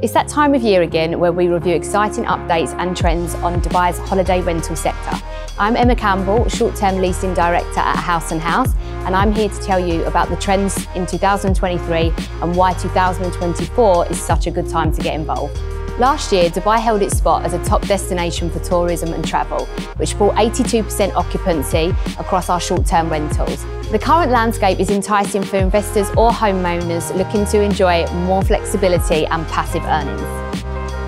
It's that time of year again where we review exciting updates and trends on Dubai's holiday rental sector. I'm Emma Campbell, short-term leasing director at House & House, and I'm here to tell you about the trends in 2023 and why 2024 is such a good time to get involved. Last year, Dubai held its spot as a top destination for tourism and travel, which brought 82% occupancy across our short-term rentals. The current landscape is enticing for investors or homeowners looking to enjoy more flexibility and passive earnings.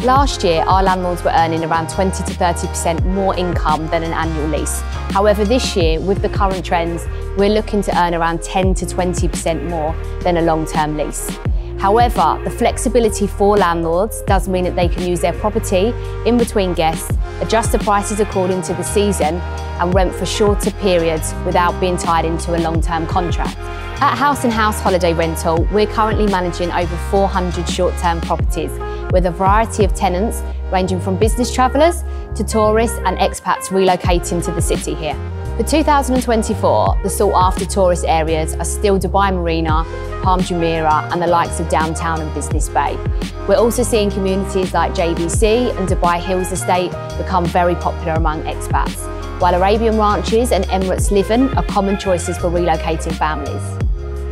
Last year, our landlords were earning around 20 to 30% more income than an annual lease. However, this year, with the current trends, we're looking to earn around 10 to 20% more than a long-term lease. However, the flexibility for landlords does mean that they can use their property in between guests, adjust the prices according to the season, and rent for shorter periods without being tied into a long-term contract. At House and House Holiday Rental, we're currently managing over 400 short-term properties with a variety of tenants ranging from business travellers to tourists and expats relocating to the city here. For 2024, the sought-after tourist areas are still Dubai Marina, Palm Jumeirah and the likes of downtown and Business Bay. We're also seeing communities like JBC and Dubai Hills Estate become very popular among expats, while Arabian Ranches and Emirates Living are common choices for relocating families.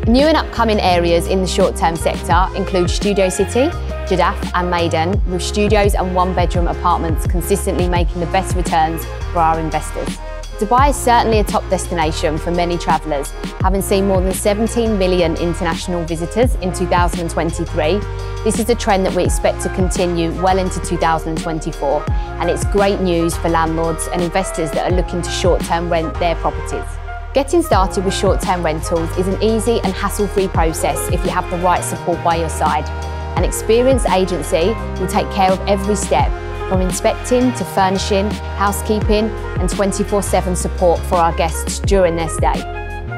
New and upcoming areas in the short-term sector include Studio City, Jadaf and Maiden, with studios and one-bedroom apartments consistently making the best returns for our investors. Dubai is certainly a top destination for many travellers, having seen more than 17 million international visitors in 2023. This is a trend that we expect to continue well into 2024, and it's great news for landlords and investors that are looking to short-term rent their properties. Getting started with short-term rentals is an easy and hassle-free process if you have the right support by your side. An experienced agency will take care of every step from inspecting to furnishing, housekeeping and 24-7 support for our guests during their stay.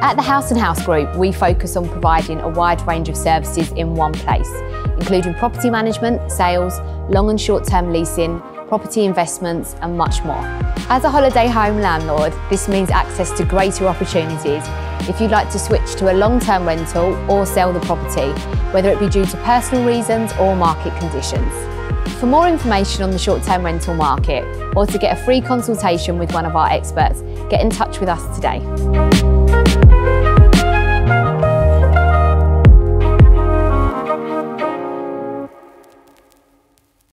At the House & House Group, we focus on providing a wide range of services in one place, including property management, sales, long and short-term leasing, property investments and much more. As a holiday home landlord, this means access to greater opportunities if you'd like to switch to a long-term rental or sell the property, whether it be due to personal reasons or market conditions. For more information on the short-term rental market or to get a free consultation with one of our experts, get in touch with us today.